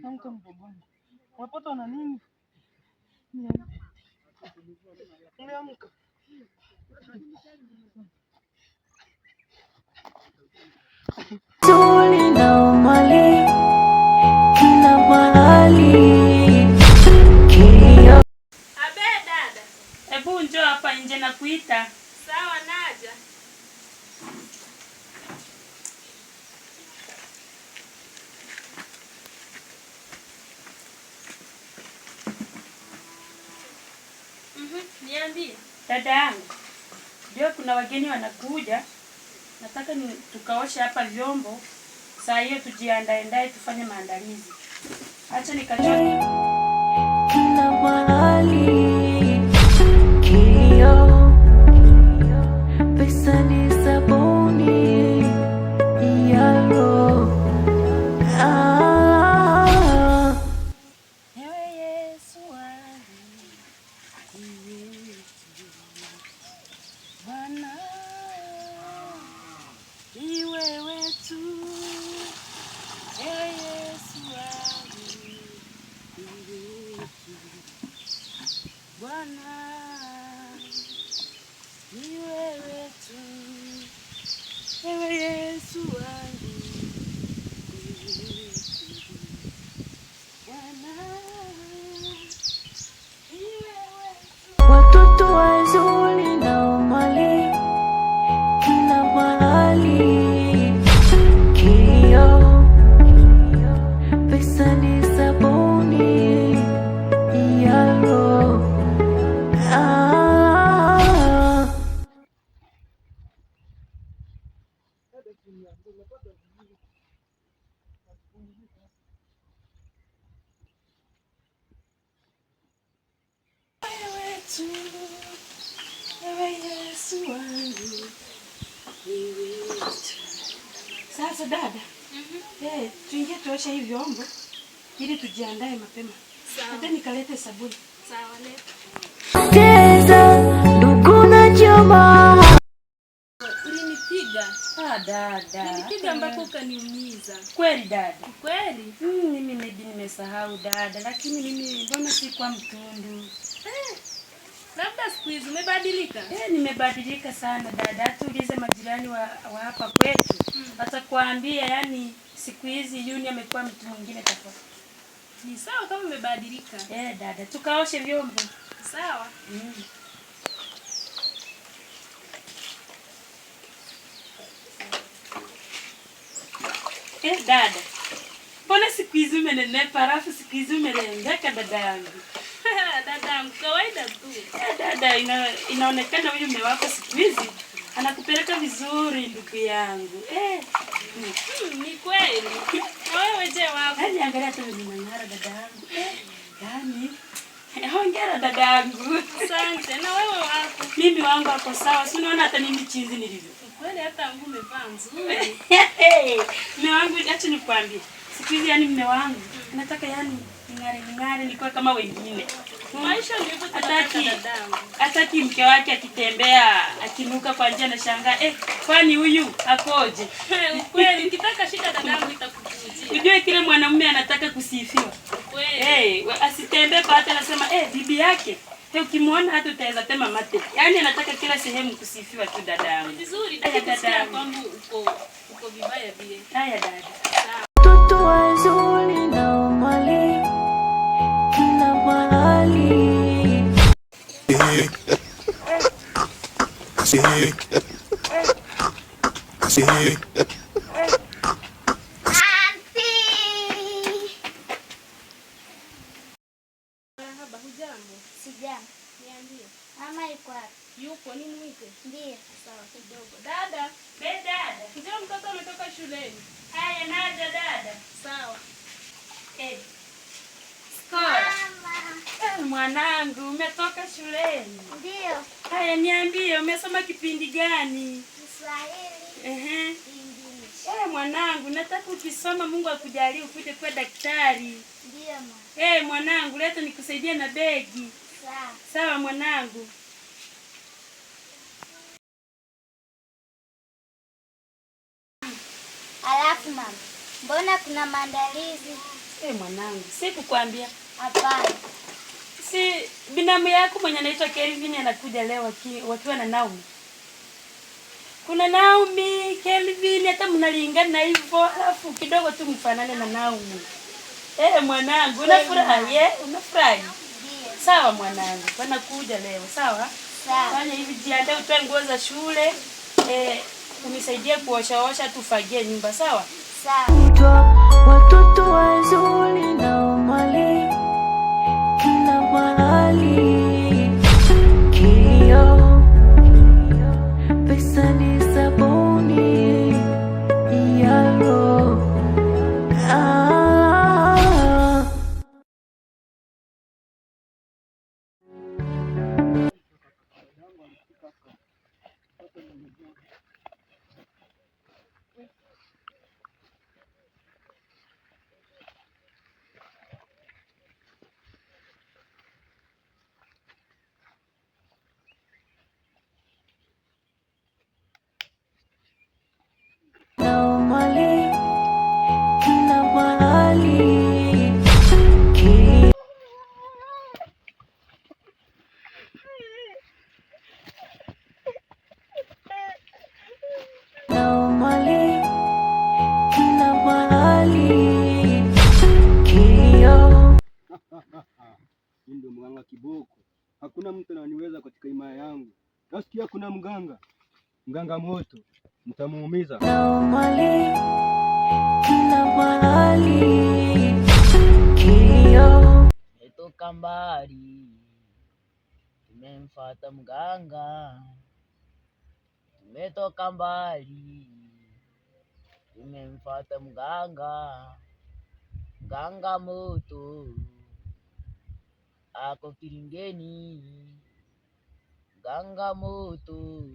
Namka mgongoni, umepatwa na nini? Niamka tuli na umali kila mahali. Abe dada, hebu njoo hapa nje na kuita Ndio kuna wageni wanakuja, nataka ni tukaoshe hapa vyombo. Saa hiyo tujiandae ndae tufanye maandalizi. Acha nikachoni kila mahali One. Sasa dada, mm -hmm. Eh, tuingie tuoshe hivi vyombo ili tujiandae mapema. Hata nikalete sabuni. Sawa, leo. Keza, ndugu na choma. Ulinipiga. Ah, dada. Nilipiga mpaka ukaniumiza. Kweli dada. Kweli? Mm, mimi nimesahau dada, lakini mimi mbona si kwa mtundu. Eh. Labda siku hizi umebadilika. Eh, nimebadilika sana dada. Hata ulize majirani wa, wa hapa kwetu Mm. Atakwambia Yani siku hizi Juni amekuwa mtu mwingine tofauti. Ni sawa kama umebadilika. Eh, dada, tukaoshe vyombo. Sawa. Mm. Eh, dada, mbona siku hizi umenenepa, alafu siku hizi umerembeka dada yangu. Dada kawaida tu. Dada, ina, inaonekana huyu mume wako siku hizi anakupeleka vizuri ndugu yangu. Eh. Hmm, ni kweli. Na wewe je wako? Yaani angalia tu ninang'ara dada yangu. Eh. Yaani Hongera dada yangu. Asante. Na wewe wako? Mimi wangu wako sawa. Si unaona hata mimi chinzi nilivyo. Kweli hata wangu umevaa nzuri. Mume wangu acha nikwambie. Siku hizi yani mume wangu nataka yani ning'are ning'are, nilikuwa kama wengine. Hmm. Maisha ndivyo ataki, ataki mke wake akitembea akinuka kwa njia na eh, kwani huyu akoje? Eh, Kweli ukitaka shida dadangu itakujia. Ujue kile mwanamume anataka kusifiwa. Kweli. Eh, asitembee pata anasema eh, bibi yake He, ukimwona hata utaweza tema mate. Yaani anataka kila sehemu kusifiwa tu dadangu. Vizuri, dada. Haya dada. Assim. Assim. Yuko nini mwite? Ndiyo. Sawa kidogo. Dada, be dada. Njoo mtoto ametoka shuleni. Haya naja dada. Sawa. Eh. Hey. Scott. Eh, mwanangu, umetoka shuleni? Ndio. Haya, niambie umesoma kipindi gani? Kiswahili. Eh, mwanangu, nataka ukisoma, Mungu akujalie upite kuwa daktari. Ndio mama. Eh, mwanangu, leta nikusaidie na begi. Sawa. Sawa mwanangu. Alafu mama, mbona kuna maandalizi? Eh, mwanangu, sikukwambia Hapana. Si binamu yako mwenye anaitwa Kelvin anakuja leo waki, wakiwa na Naomi. Kuna Naomi, Kelvin hata mnalingana hivyo, alafu kidogo tu mfanane na Naomi. Eh, mwanangu unafurahi? Eh, unafurahi? Sawa mwanangu, nakuja leo, sawa? Sawa. Fanya hivi jiandae utoe nguo za shule. Eh, unisaidie kuoshaosha tufagie nyumba, sawa? Sawa. Watoto wazuri. kuna mganga, mganga moto, mtamuumiza metoka mbali, tumemfata mganga, tumetoka mbali, tumemfata mganga, mganga moto ako kilingeni Kanggamutu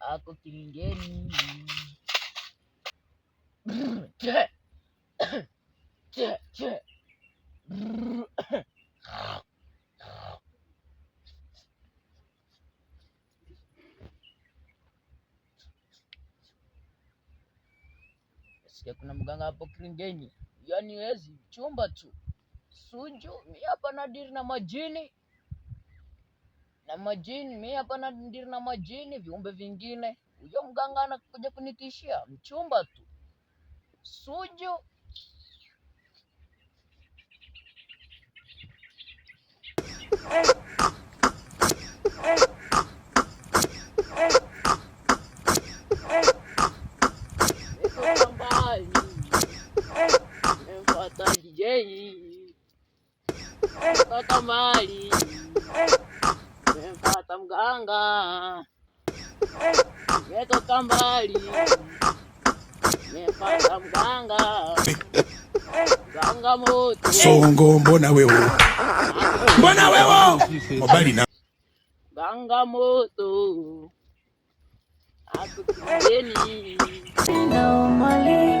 Aku pingin Cek Cek Cek Sikia kuna mganga hapo Kringeni, yaani wezi chumba tu Sunju, hapa nadiri na majini na majini, mimi hapa na ndiri na majini, viumbe vingine. Huyo mganga anakuja kunitishia mchumba tu Suju. Eh. Nimempata mganga nimetoka eh. mbali, nimempata mganga changamoto songo. Mbona wewe, mbona wewe mabali na changamoto atukieni kina mahali